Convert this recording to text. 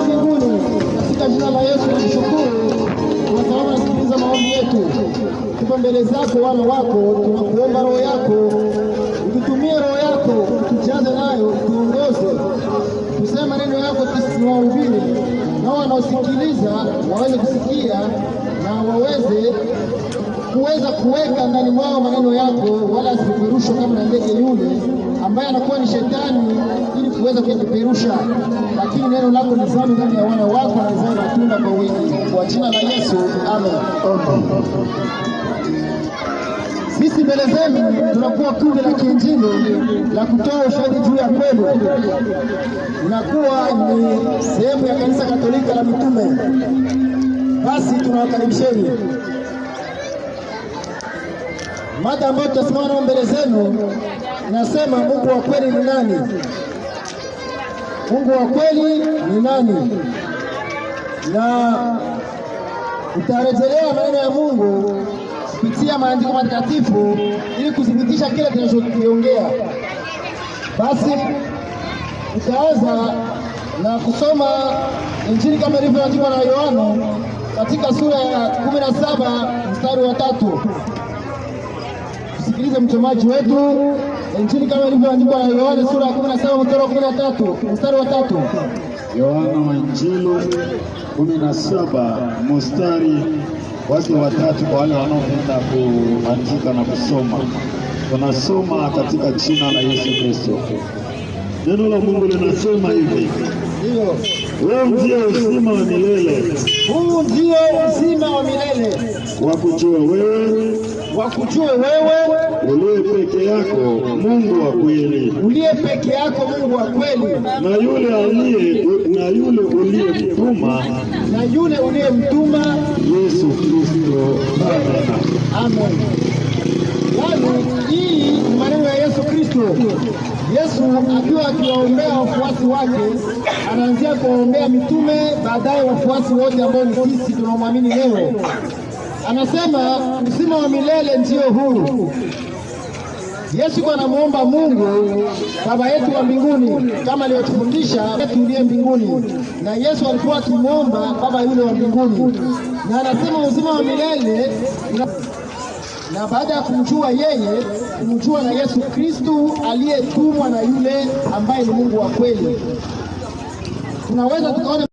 wa mbinguni, katika jina la Yesu tukushukuru, tunasalama nasikiliza maombi yetu, tupo mbele zako wana wako, tunakuomba roho yako ututumie, roho yako tujaze nayo, tuongoze, tuseme maneno yako tusiwahubiri, nao wanaosikiliza waweze kusikia na waweze kuweza kuweka ndani mwao maneno yako, wala asipeperushwe kama na ndege yule ambaye anakuwa ni shetani ili kuweza kuyapeperusha, lakini neno lako lizame ndani ya wana wako na lizae matunda kwa wingi, kwa jina la Yesu amen. Sisi mbele zenu tunakuwa kundi la kiinjili la kutoa ushahidi juu ya kweli, unakuwa ni sehemu ya kanisa Katolika la mitume. Basi tunawakaribisheni mada ambayo tutasimama nao mbele zenu nasema, Mungu wa kweli ni nani? Mungu wa kweli ni nani? Na utarejelea maneno ya Mungu kupitia maandiko matakatifu ili kuthibitisha kile tunachokiongea. Basi tutaanza na kusoma Injili kama ilivyoandikwa na Yohana katika sura ya 17 mstari wa tatu tusikilize mchomaji wetu injili kama ilivyoandikwa na Yohana sura ya 17 mstari wa 13 mstari wa 3. Yohana wa Injili 17 mstari wake watatu, kwa wale wanaopenda kuandika na kusoma. Tunasoma katika jina la Yesu Kristo. Neno la Mungu linasema hivi huu ndio uzima wa milele, huu ndio uzima wa milele wakujue wewe, wakujue wewe uliye peke yako Mungu wa kweli, uliye peke yako Mungu wa kweli, na yule aliye na yule uliyemtuma, na yule uliyemtuma Yesu Kristo. Amen. Yaani, hii ni maneno ya Yesu Kristo. Yesu akiwa akiwaombea wafuasi wake, anaanzia kuwaombea mitume, baadaye wafuasi wote ambao ni sisi tunaomwamini leo. Anasema uzima wa milele ndio huu. Yesu anamuomba Mungu Baba yetu wa mbinguni kama aliyotufundisha tuliye mbinguni, na Yesu alikuwa akimwomba Baba yule wa mbinguni, na anasema uzima wa milele na, na baada ya kumjua yeye, kumjua na Yesu Kristu aliyetumwa na yule ambaye ni Mungu wa kweli, tunaweza tukaona